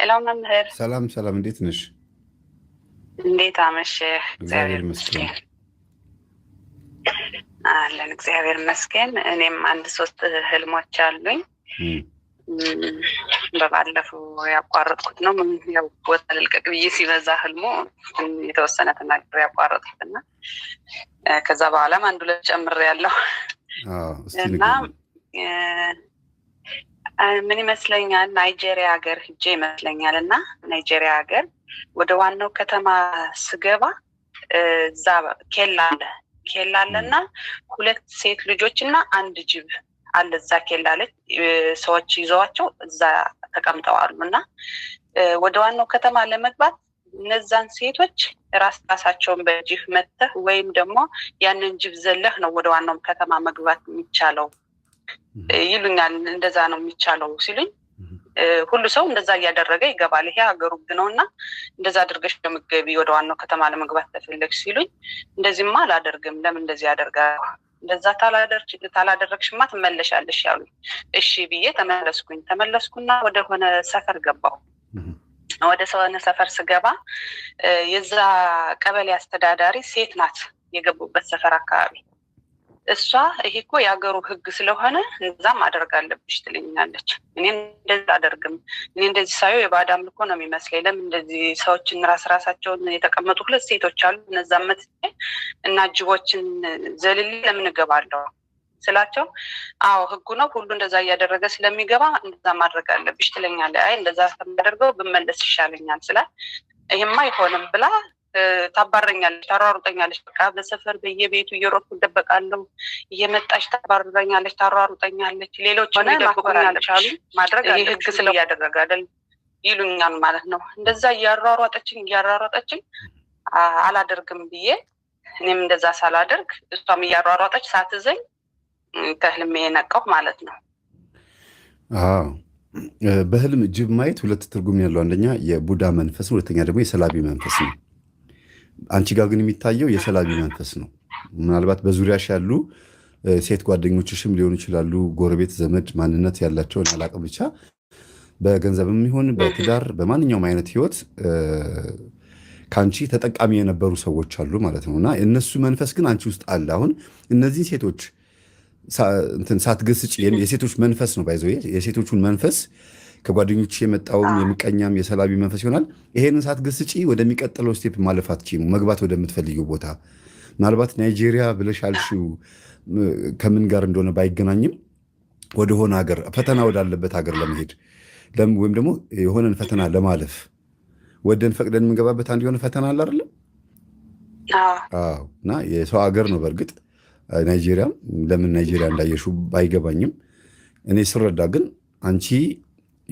ሄሎ መምህር። ሰላም ሰላም፣ እንዴት ነሽ? እንዴት አመሸህ? እግዚአብሔር ይመስገን አለን። እግዚአብሔር ይመስገን። እኔም አንድ ሶስት ህልሞች አሉኝ። በባለፈው ያቋረጥኩት ነው። ያው ቦታ ልልቀቅ ብዬ ሲበዛ ህልሙ የተወሰነ ተናግሮ ያቋረጥኩት እና ከዛ በኋላም አንድ ሁለት ጨምሬያለሁ እና ምን ይመስለኛል ናይጄሪያ ሀገር ህጄ ይመስለኛል እና ናይጄሪያ ሀገር ወደ ዋናው ከተማ ስገባ እዛ ኬላ አለ ኬላ አለ እና ሁለት ሴት ልጆች እና አንድ ጅብ አለ እዛ ኬላ ላይ ሰዎች ይዘዋቸው እዛ ተቀምጠዋሉ እና ወደ ዋናው ከተማ ለመግባት እነዛን ሴቶች ራስ ራሳቸውን በጅብ መተህ ወይም ደግሞ ያንን ጅብ ዘለህ ነው ወደ ዋናውም ከተማ መግባት የሚቻለው ይሉኛል። እንደዛ ነው የሚቻለው ሲሉኝ ሁሉ ሰው እንደዛ እያደረገ ይገባል። ይሄ ሀገሩ ግ ነው እና እንደዛ አድርገሽ ለምገቢ ወደ ዋናው ከተማ ለመግባት ተፈለግሽ ሲሉኝ እንደዚህማ አላደርግም፣ ለምን እንደዚህ ያደርጋል? እንደዛ ታላደረግሽማ ትመለሻለሽ ያሉ። እሺ ብዬ ተመለስኩኝ። ተመለስኩና ወደሆነ ሰፈር ገባሁ። ወደ ሰሆነ ሰፈር ስገባ የዛ ቀበሌ አስተዳዳሪ ሴት ናት። የገቡበት ሰፈር አካባቢ እሷ ይሄ እኮ የሀገሩ ህግ ስለሆነ እዛም ማድረግ አለብሽ ትለኛለች። እኔ እንደዚህ አደርግም። እኔ እንደዚህ ሳዩ የባዕድ አምልኮ ነው የሚመስለኝ። ለምን እንደዚህ ሰዎችን ራስ ራሳቸውን የተቀመጡ ሁለት ሴቶች አሉ። እነዛ መት እና ጅቦችን ዘልሌ ለምን እገባለሁ ስላቸው አዎ ህጉ ነው ሁሉ እንደዛ እያደረገ ስለሚገባ እንደዛ ማድረግ አለብሽ ትለኛለች። አይ እንደዛ ከማደርገው ብመለስ ይሻለኛል ስላል ይህማ አይሆንም ብላ ታባረኛለች፣ ታሯሩጠኛለች። በቃ በሰፈር በየቤቱ እየሮጥኩ እደበቃለሁ። እየመጣች ታባረኛለች፣ ታሯሩጠኛለች። ሌሎች ደበቁኛለች አሉ ማድረግ ይህ ህግ ስለ እያደረገ አይደል ይሉኛል ማለት ነው። እንደዛ እያሯሯጠችኝ እያሯሯጠችኝ አላደርግም ብዬ እኔም እንደዛ ሳላደርግ እሷም እያሯሯጠች ሳትዘኝ ከህልሜ የነቀው ማለት ነው። በህልም ጅብ ማየት ሁለት ትርጉም ያለው አንደኛ የቡዳ መንፈስ ሁለተኛ ደግሞ የሰላቢ መንፈስ ነው። አንቺ ጋር ግን የሚታየው የሰላቢ መንፈስ ነው። ምናልባት በዙሪያሽ ያሉ ሴት ጓደኞችሽም ሊሆኑ ይችላሉ፣ ጎረቤት፣ ዘመድ፣ ማንነት ያላቸውን አላቅም። ብቻ በገንዘብም ይሁን በትዳር በማንኛውም አይነት ህይወት ከአንቺ ተጠቃሚ የነበሩ ሰዎች አሉ ማለት ነው እና እነሱ መንፈስ ግን አንቺ ውስጥ አለ። አሁን እነዚህን ሴቶች ሳትገስጭ የሴቶች መንፈስ ነው ባይዘ የሴቶቹን መንፈስ ከጓደኞች የመጣውም የምቀኛም የሰላቢ መንፈስ ይሆናል። ይሄንን ገስጪ ወደሚቀጥለው ስቴፕ ማለፍ አትችይም። መግባት ወደምትፈልጊው ቦታ ምናልባት ናይጄሪያ ብለሽ ከምን ጋር እንደሆነ ባይገናኝም ወደሆነ ሀገር ፈተና ወዳለበት ሀገር ለመሄድ ወይም ደግሞ የሆነን ፈተና ለማለፍ ወደን ፈቅደን የምንገባበት አንድ የሆነ ፈተና አለ አይደለም እና የሰው ሀገር ነው። በእርግጥ ናይጄሪያም ለምን ናይጄሪያ እንዳየሹ ባይገባኝም እኔ ስረዳ ግን አንቺ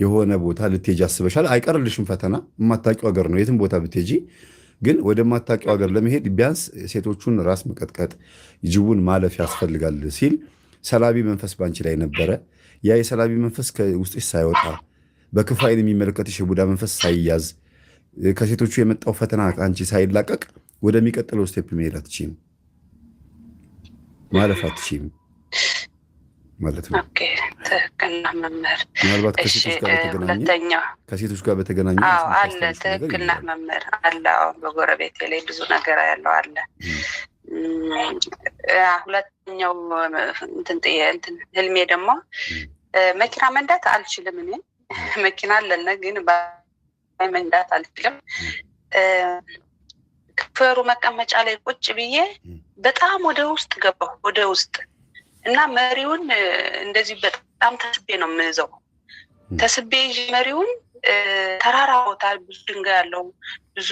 የሆነ ቦታ ልትሄጂ አስበሻል። አይቀርልሽም ፈተና። የማታውቂው ሀገር ነው። የትም ቦታ ብትሄጂ ግን ወደማታውቂው ሀገር ለመሄድ ቢያንስ ሴቶቹን ራስ መቀጥቀጥ፣ ጅቡን ማለፍ ያስፈልጋል ሲል ሰላቢ መንፈስ ባንቺ ላይ ነበረ። ያ የሰላቢ መንፈስ ከውስጥሽ ሳይወጣ በክፉ ዓይን የሚመለከትሽ የቡዳ መንፈስ ሳይያዝ ከሴቶቹ የመጣው ፈተና አንቺ ሳይላቀቅ ወደሚቀጥለው ስቴፕ መሄድ አትችም፣ ማለፍ አትችም ማለት ነው። ትክክል ነህ መምህር። ምናልባት ሁለተኛ ከሴቶች ጋር በተገናኘ አለ። ትክክል ነህ መምህር አለ። አሁን በጎረቤቴ ላይ ብዙ ነገር ያለው አለ። ሁለተኛው እንትን ህልሜ ደግሞ መኪና መንዳት አልችልም። እኔ መኪና አለነ ግን መንዳት አልችልም። ክፈሩ መቀመጫ ላይ ቁጭ ብዬ በጣም ወደ ውስጥ ገባሁ ወደ ውስጥ እና መሪውን እንደዚህ በጣም ተስቤ ነው የምይዘው። ተስቤ መሪውን ተራራ ቦታ ብዙ ድንጋይ ያለው ብዙ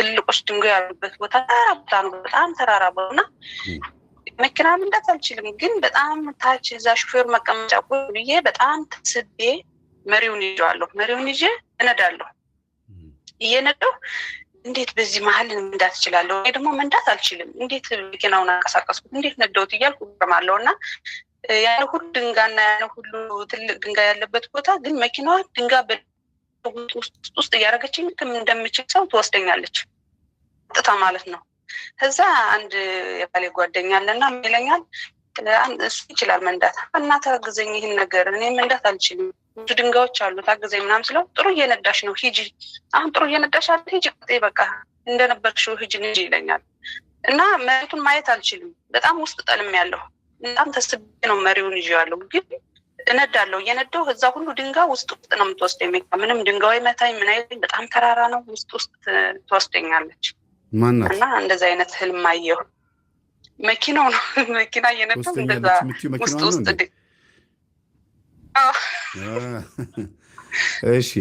ትልቆች ድንጋይ ያሉበት ቦታ ተራራ ቦታ ነው። በጣም ተራራ ቦታ እና መኪና መንዳት አልችልም፣ ግን በጣም ታች እዛ ሹፌር መቀመጫ ብዬ በጣም ተስቤ መሪውን ይዤዋለሁ። መሪውን ይዤ እነዳለሁ። እየነዳሁ እንዴት በዚህ መሀል እንዳት እችላለሁ ወይ ደግሞ መንዳት አልችልም፣ እንዴት መኪናውን አንቀሳቀስኩት፣ እንዴት ነዳሁት እያልኩ እገርማለሁ። እና ያለ ሁሉ ድንጋና ያለ ሁሉ ትልቅ ድንጋይ ያለበት ቦታ ግን መኪናዋ ድንጋይ ውስጥ ውስጥ እያደረገችኝ እንደምችል ሰው ትወስደኛለች ጥታ ማለት ነው። እዛ አንድ የባሌ ጓደኛ አለና ይለኛል፣ እሱ ይችላል መንዳት እና ይህን ነገር እኔ መንዳት አልችልም ብዙ ድንጋዮች አሉ ታግዘኝ ምናምን ስለው ጥሩ እየነዳሽ ነው ሂጂ፣ አሁን ጥሩ እየነዳሽ አለ ሂጂ፣ በቃ እንደነበርሽው ሂጂ ሂጂ ይለኛል። እና መሬቱን ማየት አልችልም። በጣም ውስጥ ጠልም ያለሁ በጣም ተስቤ ነው መሪውን ይዤ ያለው ግን እነዳለሁ እየነዳው እዛ ሁሉ ድንጋ ውስጥ ውስጥ ነው የምትወስደ በቃ ምንም ድንጋ ወይ መታኝ ምን አይልኝ። በጣም ተራራ ነው ውስጥ ውስጥ ትወስደኛለች እና እንደዚ አይነት ህልም አየሁ። መኪናው ነው መኪና እየነዳው እንደዛ ውስጥ ውስጥ እሺ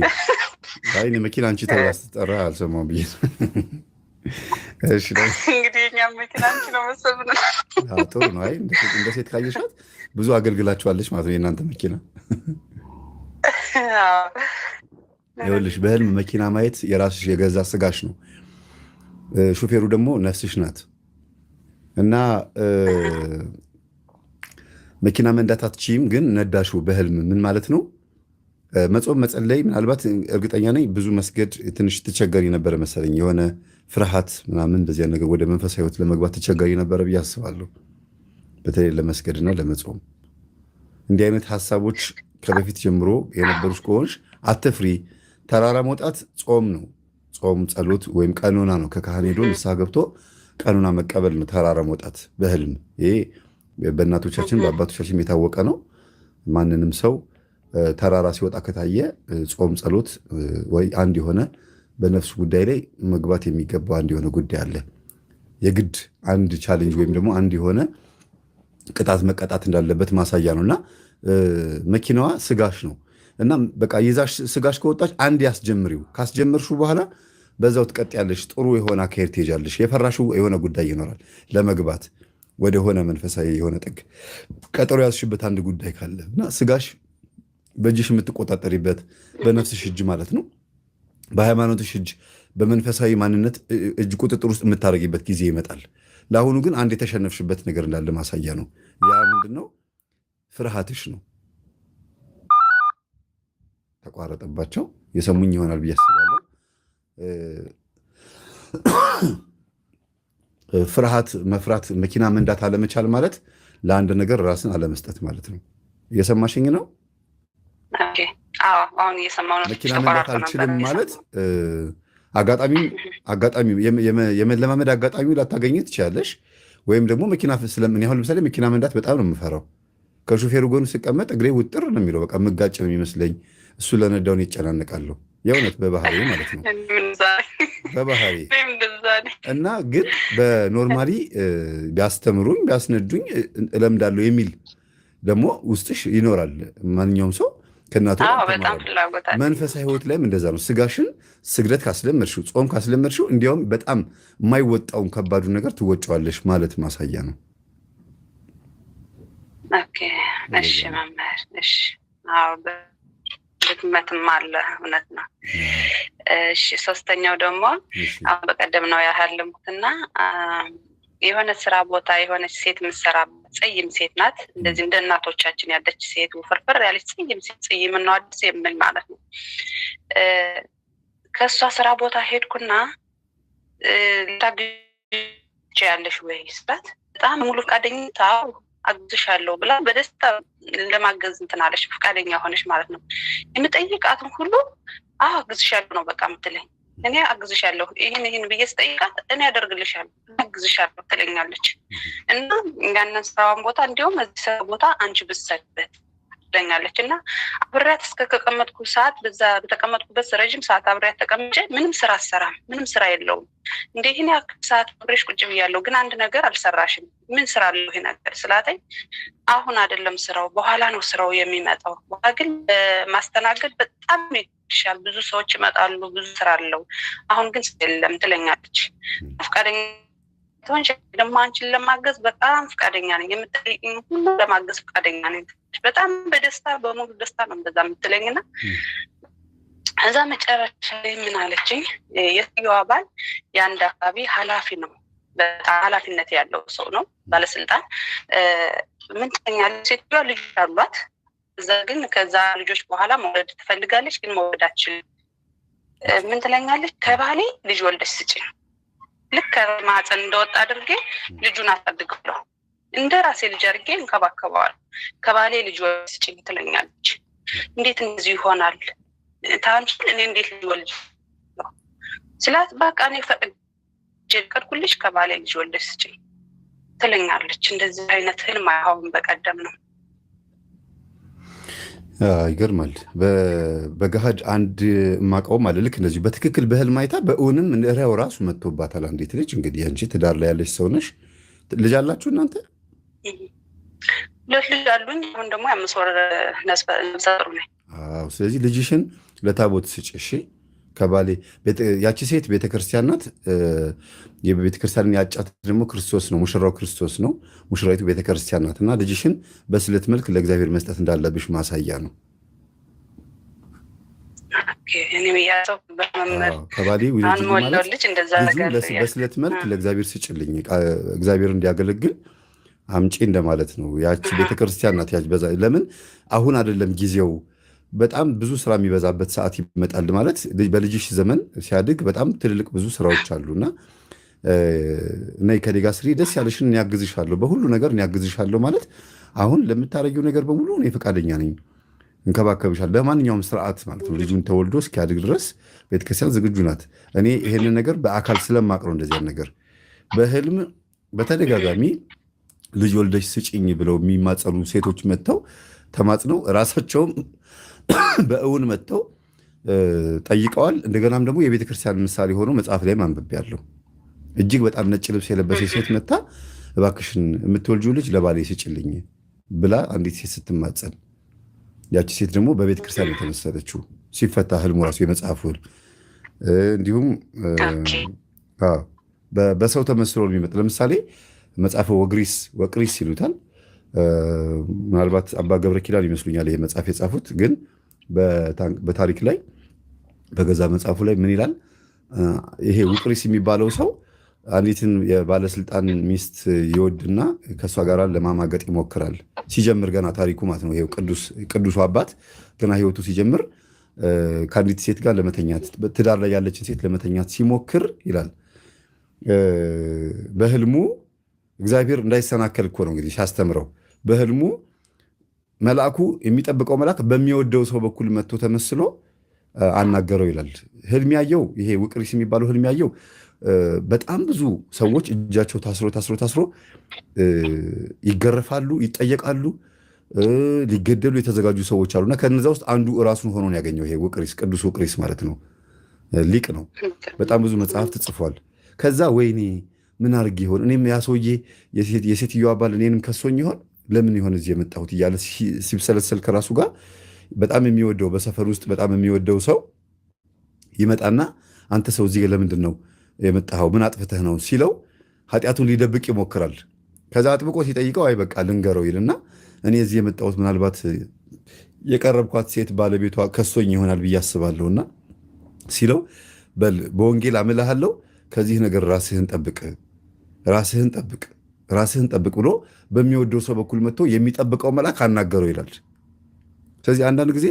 አይን መኪና አንቺ ተብላ ስትጠራ አልሰማሁም ብዬ እንግዲህ እኛም መኪና አንቺ ነው መሰብን። ጥሩ ነው። አይ እንደ ሴት ካየሻት ብዙ አገልግላችኋለች ማለት ነው የእናንተ መኪና። ይኸውልሽ በህልም መኪና ማየት የራስሽ የገዛ ስጋሽ ነው፣ ሹፌሩ ደግሞ ነፍስሽ ናት እና መኪና መንዳት አትችይም፣ ግን ነዳሹ በህልም ምን ማለት ነው? መጾም መጸለይ፣ ምናልባት እርግጠኛ ነኝ ብዙ መስገድ ትንሽ ትቸገሪ ነበረ መሰለኝ። የሆነ ፍርሃት ምናምን በዚያ ነገር ወደ መንፈሳዊ ህይወት ለመግባት ትቸገሪ ነበረ ብዬ አስባለሁ። በተለይ ለመስገድና ለመጾም እንዲህ አይነት ሀሳቦች ከበፊት ጀምሮ የነበሩት ከሆንሽ አትፍሪ። ተራራ መውጣት ጾም ነው። ጾም፣ ጸሎት ወይም ቀኖና ነው። ከካህን ሄዶ ንስሐ ገብቶ ቀኖና መቀበል ነው። ተራራ መውጣት በህልም ይሄ በእናቶቻችን በአባቶቻችን የታወቀ ነው። ማንንም ሰው ተራራ ሲወጣ ከታየ ጾም፣ ጸሎት ወይ አንድ የሆነ በነፍሱ ጉዳይ ላይ መግባት የሚገባው አንድ የሆነ ጉዳይ አለ። የግድ አንድ ቻሌንጅ ወይም ደግሞ አንድ የሆነ ቅጣት መቀጣት እንዳለበት ማሳያ ነው እና መኪናዋ ስጋሽ ነው እና በቃ ይዛሽ ስጋሽ ከወጣች አንድ ያስጀምሪው። ካስጀምርሹ በኋላ በዛው ትቀጥ ጥሩ የሆነ አካሄድ ትሄጃለሽ። የፈራሹ የሆነ ጉዳይ ይኖራል ለመግባት ወደሆነ መንፈሳዊ የሆነ ጥግ ቀጠሮ ያዝሽበት አንድ ጉዳይ ካለ እና ስጋሽ በእጅሽ የምትቆጣጠሪበት በነፍስሽ እጅ ማለት ነው፣ በሃይማኖትሽ እጅ፣ በመንፈሳዊ ማንነት እጅ ቁጥጥር ውስጥ የምታደርጊበት ጊዜ ይመጣል። ለአሁኑ ግን አንድ የተሸነፍሽበት ነገር እንዳለ ማሳያ ነው። ያ ምንድን ነው? ፍርሃትሽ ነው። ተቋረጠባቸው። የሰሙኝ ይሆናል ብዬ አስባለሁ። ፍርሃት፣ መፍራት፣ መኪና መንዳት አለመቻል ማለት ለአንድ ነገር ራስን አለመስጠት ማለት ነው። እየሰማሽኝ ነው? መኪና መንዳት አልችልም ማለት የመለማመድ አጋጣሚ ላታገኝ ትችላለሽ። ወይም ደግሞ መኪና ስለምን ለምሳሌ መኪና መንዳት በጣም ነው የምፈራው። ከሹፌሩ ጎን ስቀመጥ እግሬ ውጥር ነው የሚለው። በቃ ምጋጭ ነው የሚመስለኝ። እሱ ለነዳውን ይጨናነቃለሁ። የእውነት በባህሪ ማለት ነው በባህሪ እና ግን በኖርማሊ ቢያስተምሩኝ ቢያስነዱኝ እለምዳለሁ የሚል ደግሞ ውስጥሽ ይኖራል። ማንኛውም ሰው ከእናቱ መንፈሳዊ ህይወት ላይም እንደዛ ነው። ስጋሽን ስግደት ካስለመድሽው፣ ጾም ካስለመድሽው እንዲያውም በጣም የማይወጣውን ከባዱን ነገር ትወጫዋለሽ ማለት ማሳያ ነው። እሺ መምህር፣ እሺ ድክመትም አለ። እውነት ነው። እሺ፣ ሶስተኛው ደግሞ አሁን በቀደም ነው ያህልምኩትና የሆነ ስራ ቦታ የሆነች ሴት የምትሰራ ጽይም ሴት ናት። እንደዚህ እንደ እናቶቻችን ያለች ሴት ውፍርፍር ያለች ጽይም ሴት ጽይም ነው አዲስ የምል ማለት ነው። ከእሷ ስራ ቦታ ሄድኩና ታግ ያለሽ ወይ ስላት በጣም ሙሉ ታው አግዝሻለሁ ብላ በደስታ ለማገዝ እንትን አለች፣ ፈቃደኛ ሆነች ማለት ነው። የምጠይቃትን ሁሉ አግዝሻለሁ ነው በቃ ምትለኝ። እኔ አግዝሻለሁ ይህን ይህን ብዬ ስጠይቃት እኔ አደርግልሻለሁ አግዝሻለሁ ትለኛለች። እና ያንን ስራዋን ቦታ እንዲሁም እዚህ ቦታ አንቺ ብትሰሪበት ትለኛለች እና አብሬያት እስከተቀመጥኩ ሰዓት በዛ በተቀመጥኩበት ረዥም ሰዓት አብሬያት ተቀምጬ ምንም ስራ አሰራም፣ ምንም ስራ የለውም። እንደ ይህን ያክል ሰዓት አብሬሽ ቁጭ ብያለሁ፣ ግን አንድ ነገር አልሰራሽም። ምን ስራ አለው ይሄ ነገር ስላተኝ፣ አሁን አይደለም ስራው በኋላ ነው ስራው የሚመጣው። በኋላ ግን ማስተናገድ በጣም ይሻል፣ ብዙ ሰዎች ይመጣሉ፣ ብዙ ስራ አለው። አሁን ግን የለም ትለኛለች ፍቃደኛ ስትሆን ደግሞ አንቺን ለማገዝ በጣም ፈቃደኛ ነኝ። የምትጠይቅኝ ሁሉ ለማገዝ ፈቃደኛ ነኝ። በጣም በደስታ በሙሉ ደስታ ነው እንደዛ የምትለኝ ና እዛ መጨረሻ ላይ ምን አለችኝ፣ የትየዋ አባል የአንድ አካባቢ ኃላፊ ነው፣ በጣም ኃላፊነት ያለው ሰው ነው፣ ባለስልጣን። ምን ትለኛለች ሴትዮዋ ልጆች አሏት፣ እዛ ግን ከዛ ልጆች በኋላ መውለድ ትፈልጋለች፣ ግን መውለድ አትችልም። ምን ትለኛለች፣ ከባሌ ልጅ ወልደች ስጭኝ፣ ልክ ከማህፀን እንደወጣ አድርጌ ልጁን አሳድግ እንደ ራሴ ልጅ አድርጌ እንከባከበዋል። ከባሌ ልጅ ስጭኝ ትለኛለች። እንዴት እንደዚህ ይሆናል? ታንችል እኔ እንዴት ልጅ ወልጅ ስላት በቃ እኔ ፈቅጄ ልቀድኩልሽ ከባሌ ልጅ ወልደ ስጭኝ ትለኛለች። እንደዚህ አይነት ህልም አሁን በቀደም ነው። ይገርማል። በገሃድ አንድ ማቀውም አለ። ልክ እንደዚሁ በትክክል በህል ማይታ በእውንም እሪያው ራሱ መጥቶባታል። አንዴት ልጅ እንግዲህ አንቺ ትዳር ላይ ያለች ሰው ልጅ አላችሁ እናንተ? ሁለት ልጅ አሉኝ። አሁን ደግሞ የአምስት ወር ነፍሰ ነኝ። ስለዚህ ልጅሽን ለታቦት ስጭ። እሺ ከባሌ ያቺ ሴት ቤተክርስቲያን ናት። የቤተክርስቲያንን ያጫት ደግሞ ክርስቶስ ነው፣ ሙሽራው ክርስቶስ ነው። ሙሽራዊቱ ቤተክርስቲያን ናት። እና ልጅሽን በስለት መልክ ለእግዚአብሔር መስጠት እንዳለብሽ ማሳያ ነው። ከባሌ በስለት መልክ ለእግዚአብሔር ስጭልኝ፣ እግዚአብሔር እንዲያገለግል አምጪ እንደማለት ነው። ያቺ ቤተክርስቲያን ናት። ያች በዛ ለምን አሁን አይደለም ጊዜው በጣም ብዙ ስራ የሚበዛበት ሰዓት ይመጣል ማለት በልጅሽ ዘመን ሲያድግ በጣም ትልልቅ ብዙ ስራዎች አሉና እና ከኔ ጋር ስሪ፣ ደስ ያለሽን እኔ በሁሉ ነገር እኔ ማለት አሁን ለምታደረጊው ነገር በሙሉ እኔ ፈቃደኛ ነኝ፣ እንከባከብሻል። በማንኛውም ስርዓት ማለት ነው። ልጁን ተወልዶ እስኪያድግ ድረስ ቤተክርስቲያን ዝግጁ ናት። እኔ ይሄንን ነገር በአካል ስለማቅረው እንደዚያን ነገር በህልም በተደጋጋሚ ልጅ ወልደሽ ስጭኝ ብለው የሚማጸኑ ሴቶች መጥተው ተማጽነው ራሳቸውም በእውን መጥተው ጠይቀዋል። እንደገናም ደግሞ የቤተክርስቲያን ምሳሌ ሆኖ መጽሐፍ ላይ ማንበብ ያለው እጅግ በጣም ነጭ ልብስ የለበሰች ሴት መታ እባክሽን የምትወልጁ ልጅ ለባሌ ስጭልኝ ብላ አንዲት ሴት ስትማጸን፣ ያቺ ሴት ደግሞ በቤተክርስቲያን የተመሰለችው ሲፈታ ህልሙ ራሱ የመጽሐፍ ህልም እንዲሁም በሰው ተመስሎ የሚመጣ ለምሳሌ መጽሐፈ ወግሪስ ወቅሪስ ይሉታል። ምናልባት አባ ገብረ ኪዳን ይመስሉኛል ይህ መጽሐፍ የጻፉት። ግን በታሪክ ላይ በገዛ መጽሐፉ ላይ ምን ይላል? ይሄ ውቅሪስ የሚባለው ሰው አንዲትን የባለስልጣን ሚስት ይወድና ከእሷ ጋር ለማማገጥ ይሞክራል። ሲጀምር ገና ታሪኩ ማለት ነው። ቅዱሱ አባት ገና ህይወቱ ሲጀምር ከአንዲት ሴት ጋር ለመተኛት ትዳር ላይ ያለችን ሴት ለመተኛት ሲሞክር ይላል በህልሙ እግዚአብሔር እንዳይሰናከል እኮ ነው እንግዲህ ሲያስተምረው በህልሙ መልአኩ የሚጠብቀው መልአክ በሚወደው ሰው በኩል መጥቶ ተመስሎ አናገረው ይላል። ህልም ያየው ይሄ ውቅሪስ የሚባለው ህልም ያየው በጣም ብዙ ሰዎች እጃቸው ታስሮ ታስሮ ታስሮ ይገረፋሉ፣ ይጠየቃሉ፣ ሊገደሉ የተዘጋጁ ሰዎች አሉ እና ከነዛ ውስጥ አንዱ እራሱን ሆኖ ያገኘው ይሄ ውቅሪስ ቅዱስ ውቅሪስ ማለት ነው። ሊቅ ነው። በጣም ብዙ መጽሐፍት ጽፏል። ከዛ ወይኔ ምን አድርግ ይሆን? እኔም ያ ሰውዬ የሴትዮዋ ባል እኔንም ከሶኝ ይሆን? ለምን ይሆን እዚህ የመጣሁት እያለ ሲብሰለሰል ከራሱ ጋር በጣም የሚወደው በሰፈር ውስጥ በጣም የሚወደው ሰው ይመጣና አንተ ሰው እዚህ ለምንድን ነው የመጣኸው? ምን አጥፍተህ ነው ሲለው ኃጢአቱን ሊደብቅ ይሞክራል። ከዛ አጥብቆ ሲጠይቀው አይ በቃ ልንገረው ይልና እኔ እዚህ የመጣሁት ምናልባት የቀረብኳት ሴት ባለቤቷ ከሶኝ ይሆናል ብዬ አስባለሁና ሲለው በል በወንጌል አምልሃለሁ፣ ከዚህ ነገር ራስህን ጠብቅ ራስህን ጠብቅ፣ ራስህን ጠብቅ ብሎ በሚወደው ሰው በኩል መጥቶ የሚጠብቀው መልአክ አናገረው ይላል። ስለዚህ አንዳንድ ጊዜ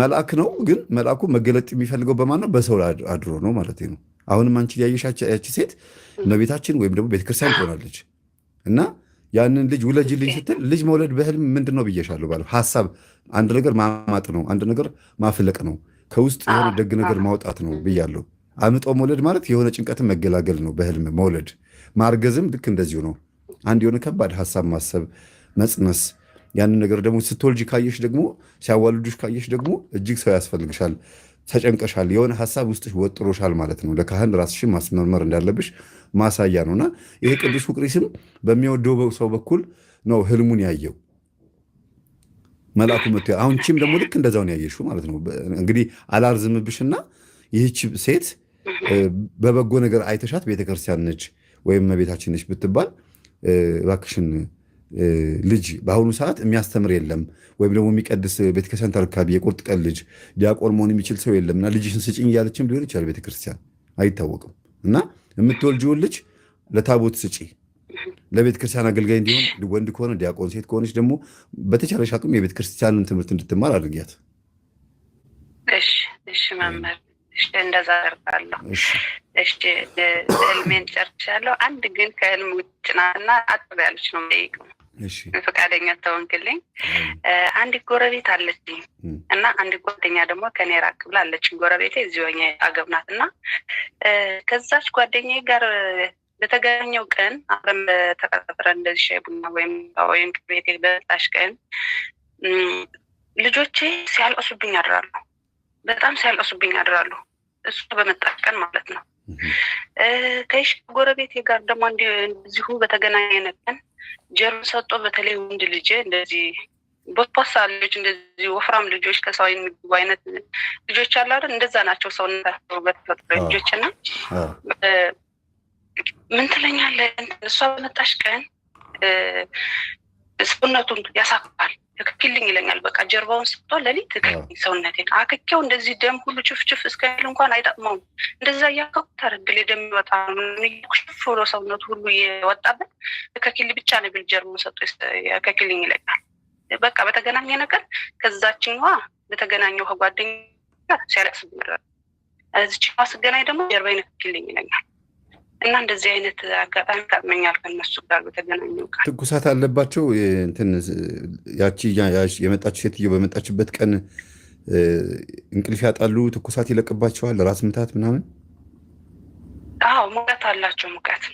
መልአክ ነው፣ ግን መልአኩ መገለጥ የሚፈልገው በማን ነው? በሰው አድሮ ነው ማለት ነው። አሁንም አንቺ ያየሻች ያቺ ሴት እመቤታችን ወይም ደግሞ ቤተክርስቲያን ትሆናለች እና ያንን ልጅ ውለጅልኝ ስትል ልጅ መውለድ በህልም ምንድን ነው ብዬሻለሁ ባለ ሀሳብ አንድ ነገር ማማጥ ነው፣ አንድ ነገር ማፍለቅ ነው፣ ከውስጥ የሆነ ደግ ነገር ማውጣት ነው ብያለሁ። አምጦ መውለድ ማለት የሆነ ጭንቀትን መገላገል ነው በህልም መውለድ ማርገዝም ልክ እንደዚሁ ነው። አንድ የሆነ ከባድ ሀሳብ ማሰብ መጽነስ፣ ያንን ነገር ደግሞ ስትወልጅ ካየሽ ደግሞ ሲያዋልዱሽ ካየሽ ደግሞ እጅግ ሰው ያስፈልግሻል። ተጨንቀሻል። የሆነ ሀሳብ ውስጥሽ ወጥሮሻል ማለት ነው። ለካህን ራስሽን ማስመርመር እንዳለብሽ ማሳያ እና ይሄ ቅዱስ ቁቅሪስም በሚወደው ሰው በኩል ነው ህልሙን ያየው መልአኩ መጥቶ አሁን ቺም ደግሞ ልክ እንደዛውን ያየሽው ማለት ነው። እንግዲህ አላርዝምብሽና ይህች ሴት በበጎ ነገር አይተሻት ቤተክርስቲያን ነች ወይም እመቤታችን ነች ብትባል እባክሽን ልጅ በአሁኑ ሰዓት የሚያስተምር የለም ወይም ደግሞ የሚቀድስ ቤተክርስቲያን ተረካቢ የቁርጥ ቀን ልጅ ዲያቆን መሆን የሚችል ሰው የለም እና ልጅሽን ስጭኝ እያለችም ሊሆን ይችላል ቤተክርስቲያን አይታወቅም። እና የምትወልጂውን ልጅ ለታቦት ስጪ፣ ለቤተክርስቲያን አገልጋይ እንዲሆን ወንድ ከሆነ ዲያቆን፣ ሴት ከሆነች ደግሞ በተቻለሽ አቅም የቤተክርስቲያንን ትምህርት እንድትማር አድርጊያት። እሺ እሺ መምህር እንደዛ አደርጋለሁ። እሺ ህልሜን ጨርሻለሁ። አንድ ግን ከህልም ውጭ ናትና አጥብ ያለች ነው የምጠይቀው ፈቃደኛ ተወንክልኝ። አንድ ጎረቤት አለች እና አንድ ጓደኛ ደግሞ ከኔ ራቅ ብላ አለችኝ። ጎረቤቴ እና ከዛች ጓደኛ ጋር ቀን አብረን በተቀጣጥረን እንደዚህ ሻይ ቡና ወይም ወይም ቤቴ በጣሽ ቀን ልጆቼ ሲያልቀሱብኝ አድራለሁ በጣም ሲያለቅሱብኝ ያድራሉ። እሱ በመጠቀን ማለት ነው። ተይሽ ጎረቤቴ ጋር ደግሞ እንደዚሁ በተገናኘን ቀን ጀርም ሰጦ በተለይ ወንድ ልጄ እንደዚህ ቦስፖሳ ልጆች እንደዚህ ወፍራም ልጆች ከሰው የሚግቡ አይነት ልጆች አሉ አይደል? እንደዛ ናቸው ሰውነታቸው በተፈጥሮ ልጆች እና ምን ትለኛለህ? እሷ በመጣሽ ቀን ሰውነቱን ያሳቅፋል ትክክልኝ ይለኛል። በቃ ጀርባውን ስቶ ለሊት ትክክልኝ ሰውነቴን አክኬው እንደዚህ ደም ሁሉ ችፍችፍ እስከሚል እንኳን አይጠቅመውም። እንደዛ እያከኩ ተረግል ደም ይወጣ ሽፍ ብሎ ሰውነቱ ሁሉ የወጣበት ትክክል ብቻ ነው ብል ጀርባውን ሰጦ ትክክልኝ ይለኛል። በቃ በተገናኘ ነገር ከዛችኛዋ በተገናኘው ከጓደኛ ሲያለቅስ ምረ እዚችኛዋ ስገናኝ ደግሞ ጀርባዬን ትክክልኝ ይለኛል። እና እንደዚህ አይነት አጋጣሚ ገጥሞኛል። ከነሱ ጋር በተገናኘ ትኩሳት አለባቸው። እንትን ያቺ የመጣችው ሴትዮ በመጣችበት ቀን እንቅልፍ ያጣሉ፣ ትኩሳት ይለቅባቸዋል፣ ራስ ምታት ምናምን። አዎ ሙቀት አላቸው። ሙቀት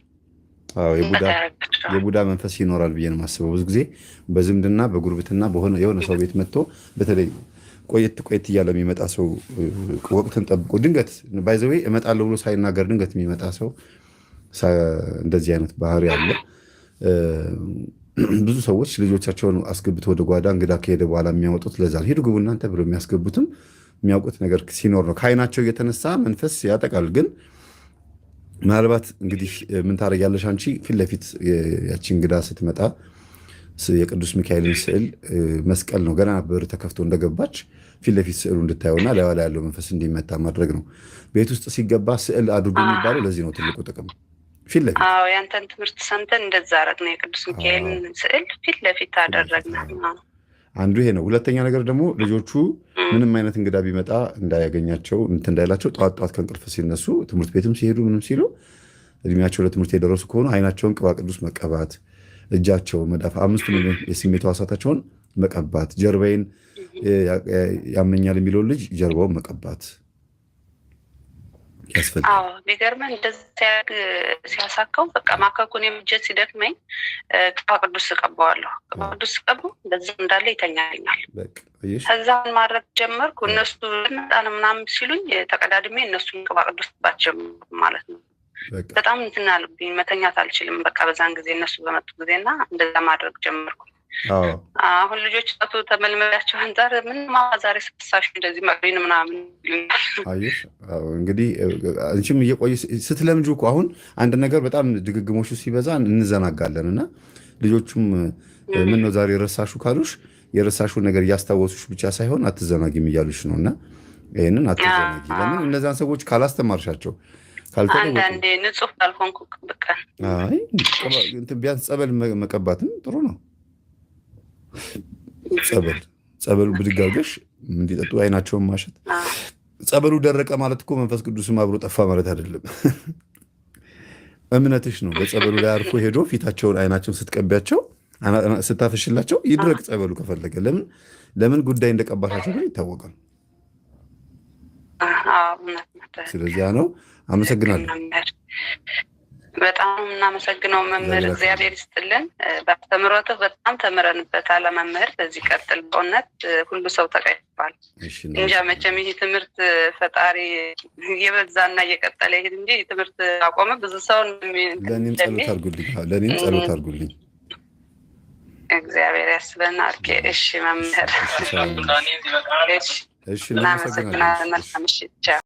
የቡዳ መንፈስ ይኖራል ብዬ ነው የማስበው። ብዙ ጊዜ በዝምድና በጉርብትና የሆነ ሰው ቤት መጥቶ በተለይ ቆየት ቆየት እያለ የሚመጣ ሰው ወቅትን ጠብቆ ድንገት ባይዘዌ እመጣለሁ ብሎ ሳይናገር ድንገት የሚመጣ ሰው እንደዚህ አይነት ባህሪ አለ። ብዙ ሰዎች ልጆቻቸውን አስገብተው ወደ ጓዳ እንግዳ ከሄደ በኋላ የሚያወጡት ለዛ ነው። ሂዱ ግቡ እናንተ ብሎ የሚያስገቡትም የሚያውቁት ነገር ሲኖር ነው። ከአይናቸው እየተነሳ መንፈስ ያጠቃል። ግን ምናልባት እንግዲህ ምን ታደርጊያለሽ አንቺ ፊት ለፊት ያቺ እንግዳ ስትመጣ የቅዱስ ሚካኤልን ስዕል መስቀል ነው ገና በር ተከፍቶ እንደገባች ፊት ለፊት ስዕሉ እንድታየውና ላይዋ ያለው መንፈስ እንዲመታ ማድረግ ነው። ቤት ውስጥ ሲገባ ስዕል አድርጎ የሚባለው ለዚህ ነው ትልቁ ጥቅም ፊት ለፊት ያንተን ትምህርት ሰምተን እንደዛ አረግነው። የቅዱስ ሚካኤልን ስዕል ፊት ለፊት አደረግናል። አንዱ ይሄ ነው። ሁለተኛ ነገር ደግሞ ልጆቹ ምንም አይነት እንግዳ ቢመጣ እንዳያገኛቸው እንትን እንዳይላቸው ጠዋት ጠዋት ከእንቅልፍ ሲነሱ ትምህርት ቤትም ሲሄዱ ምንም ሲሉ እድሜያቸው ለትምህርት የደረሱ ከሆኑ አይናቸውን ቅባ ቅዱስ መቀባት፣ እጃቸው መዳፍ አምስቱ የስሜት ሕዋሳታቸውን መቀባት፣ ጀርባዬን ያመኛል የሚለውን ልጅ ጀርባውን መቀባት ያስፈልጋል። ሊገርመን እንደዚያግ ሲያሳካው በቃ ማከኩን የምጀት ሲደክመኝ ቅባ ቅዱስ እቀባዋለሁ። ቅባ ቅዱስ ስቀባው በዛ እንዳለ ይተኛልኛል። ከዛን ማድረግ ጀመርኩ። እነሱ ጣን ምናምን ሲሉኝ ተቀዳድሜ እነሱን ቅባ ቅዱስ ባት ጀመርኩ ማለት ነው። በጣም እንትን አለብኝ፣ መተኛት አልችልም። በቃ በዛን ጊዜ እነሱ በመጡ ጊዜና እንደዛ ማድረግ ጀመርኩ። አሁን ልጆች ጣቱ ተመልመያቸው አንጻር ምን ዛሬ ስሳሽ እንደዚህ መሪን ምናምን እንግዲህ አንቺም እየቆየ ስትለምጁ እኮ አሁን አንድ ነገር በጣም ድግግሞሹ ሲበዛ እንዘናጋለን እና ልጆቹም ምን ነው ዛሬ የረሳሹ ካሉሽ የረሳሹ ነገር እያስታወሱሽ ብቻ ሳይሆን አትዘናጊም እያሉሽ ነው እና ይህንን አትዘናጊ። ለምን እነዛን ሰዎች ካላስተማርሻቸው አንዳንዴ ንጹህ ካልሆንኩ ቢያንስ ጸበል መቀባትም ጥሩ ነው። ጸበል ጸበሉ ብድግ አድርገሽ እንዲጠጡ አይናቸውን ማሸት። ጸበሉ ደረቀ ማለት እኮ መንፈስ ቅዱስም አብሮ ጠፋ ማለት አይደለም። እምነትሽ ነው። በጸበሉ ላይ አርፎ ሄዶ ፊታቸውን አይናቸውን ስትቀቢያቸው ስታፈሽላቸው ይድረቅ ጸበሉ ከፈለገ። ለምን ለምን ጉዳይ እንደቀባሻቸው ግን ይታወቃል። ስለዚያ ነው። አመሰግናለሁ። በጣም እናመሰግነው መምህር፣ እግዚአብሔር ይስጥልን። በአስተምህሮትህ በጣም ተምረንበታል መምህር። በዚህ ቀጥል። በእውነት ሁሉ ሰው ተቀይሯል። እንጃ መቼም ይህ ትምህርት ፈጣሪ እየበዛና እየቀጠለ ይሄድ እንጂ ትምህርት አቆመ ብዙ ሰውን ለእኔም ጸሎት አርጉልኝ፣ ለእኔም ጸሎት አድርጉልኝ። እግዚአብሔር ያስበና። ኦኬ፣ እሺ መምህር፣ እሺ እናመሰግናለን። መልካም ምሽት።